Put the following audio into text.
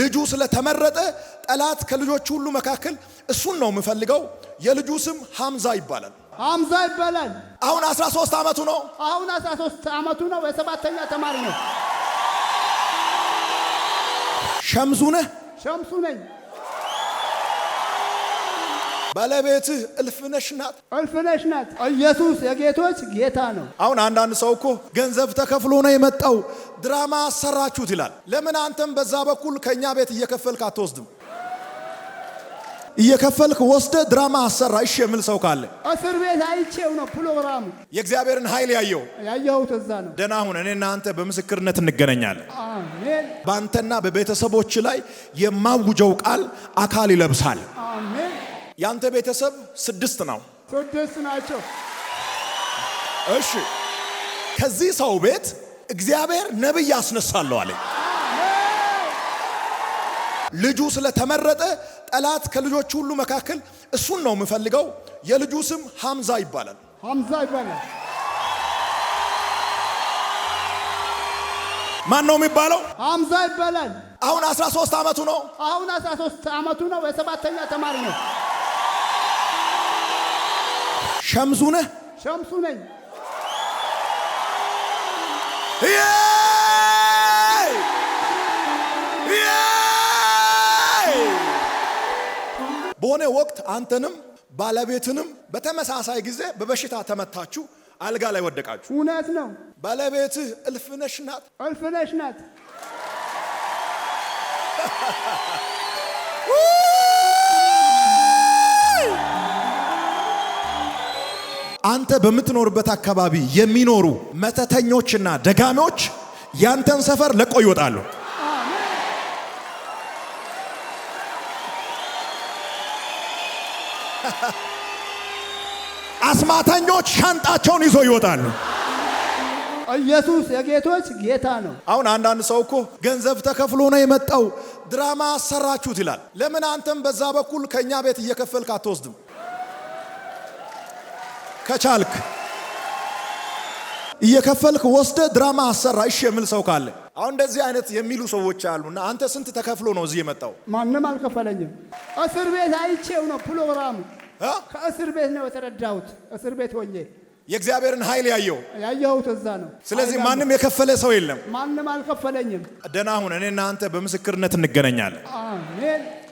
ልጁ ስለተመረጠ ጠላት ከልጆቹ ሁሉ መካከል እሱን ነው የምፈልገው። የልጁ ስም ሐምዛ ይባላል። ሐምዛ ይባላል። አሁን 13 ዓመቱ ነው። አሁን 13 ዓመቱ ነው። የሰባተኛ ተማሪ ነው። ሸምሱ ነህ? ሸምሱ ነኝ። ባለቤትህ እልፍነሽ ናት፣ እልፍነሽ ናት። ኢየሱስ የጌቶች ጌታ ነው። አሁን አንዳንድ ሰው እኮ ገንዘብ ተከፍሎ ነው የመጣው ድራማ አሰራችሁት ይላል። ለምን አንተም በዛ በኩል ከእኛ ቤት እየከፈልክ አትወስድም? እየከፈልክ ወስደ ድራማ አሰራ። እሺ የሚል ሰው ካለ እስር ቤት አይቼው ነው ፕሮግራሙ። የእግዚአብሔርን ኃይል ያየው ያየሁት እዛ ነው። ደህና ሁን። እኔ አንተ በምስክርነት እንገናኛለን። በአንተና በቤተሰቦች ላይ የማውጀው ቃል አካል ይለብሳል። ያንተ ቤተሰብ ስድስት ነው፣ ስድስት ናቸው። እሺ ከዚህ ሰው ቤት እግዚአብሔር ነብይ ያስነሳለሁ ልጁ ስለተመረጠ ጠላት ከልጆች ሁሉ መካከል እሱን ነው የምፈልገው። የልጁ ስም ሀምዛ ይባላል። ሀምዛ ይባላል። ማን ነው የሚባለው? ሀምዛ ይባላል። አሁን 13 ዓመቱ ነው። አሁን 13 ዓመቱ ነው። የሰባተኛ ተማሪ ነው። ሸምሱ ነህ? ሸምሱ ነኝ። በሆነ ወቅት አንተንም ባለቤትንም በተመሳሳይ ጊዜ በበሽታ ተመታችሁ፣ አልጋ ላይ ወደቃችሁ። እውነት ነው። ባለቤትህ እልፍነሽ ናት። እልፍነሽ ናት። አንተ በምትኖርበት አካባቢ የሚኖሩ መተተኞችና ደጋሚዎች ያንተን ሰፈር ለቆ ይወጣሉ። አስማተኞች ሻንጣቸውን ይዞ ይወጣሉ። ኢየሱስ የጌቶች ጌታ ነው። አሁን አንዳንድ ሰው እኮ ገንዘብ ተከፍሎ ነው የመጣው ድራማ አሰራችሁት ይላል። ለምን አንተም በዛ በኩል ከእኛ ቤት እየከፈልክ አትወስድም? ከቻልክ እየከፈልክ ወስደ ድራማ አሰራ። እሺ የሚል ሰው ካለ አሁን እንደዚህ አይነት የሚሉ ሰዎች እና አንተ ስንት ተከፍሎ ነው እዚህ የመጣው? ማንም አልከፈለኝም። እስር ቤት አይቼው ነው ፕሮግራሙ። ከእስር ቤት ነው የተረዳሁት። እስር ቤት ሆኜ የእግዚአብሔርን ኃይል ያየው ያየሁት እዛ ነው። ስለዚህ ማንም የከፈለ ሰው የለም። ማንም አልከፈለኝም። ደህና አሁን እኔና አንተ በምስክርነት እንገናኛለን።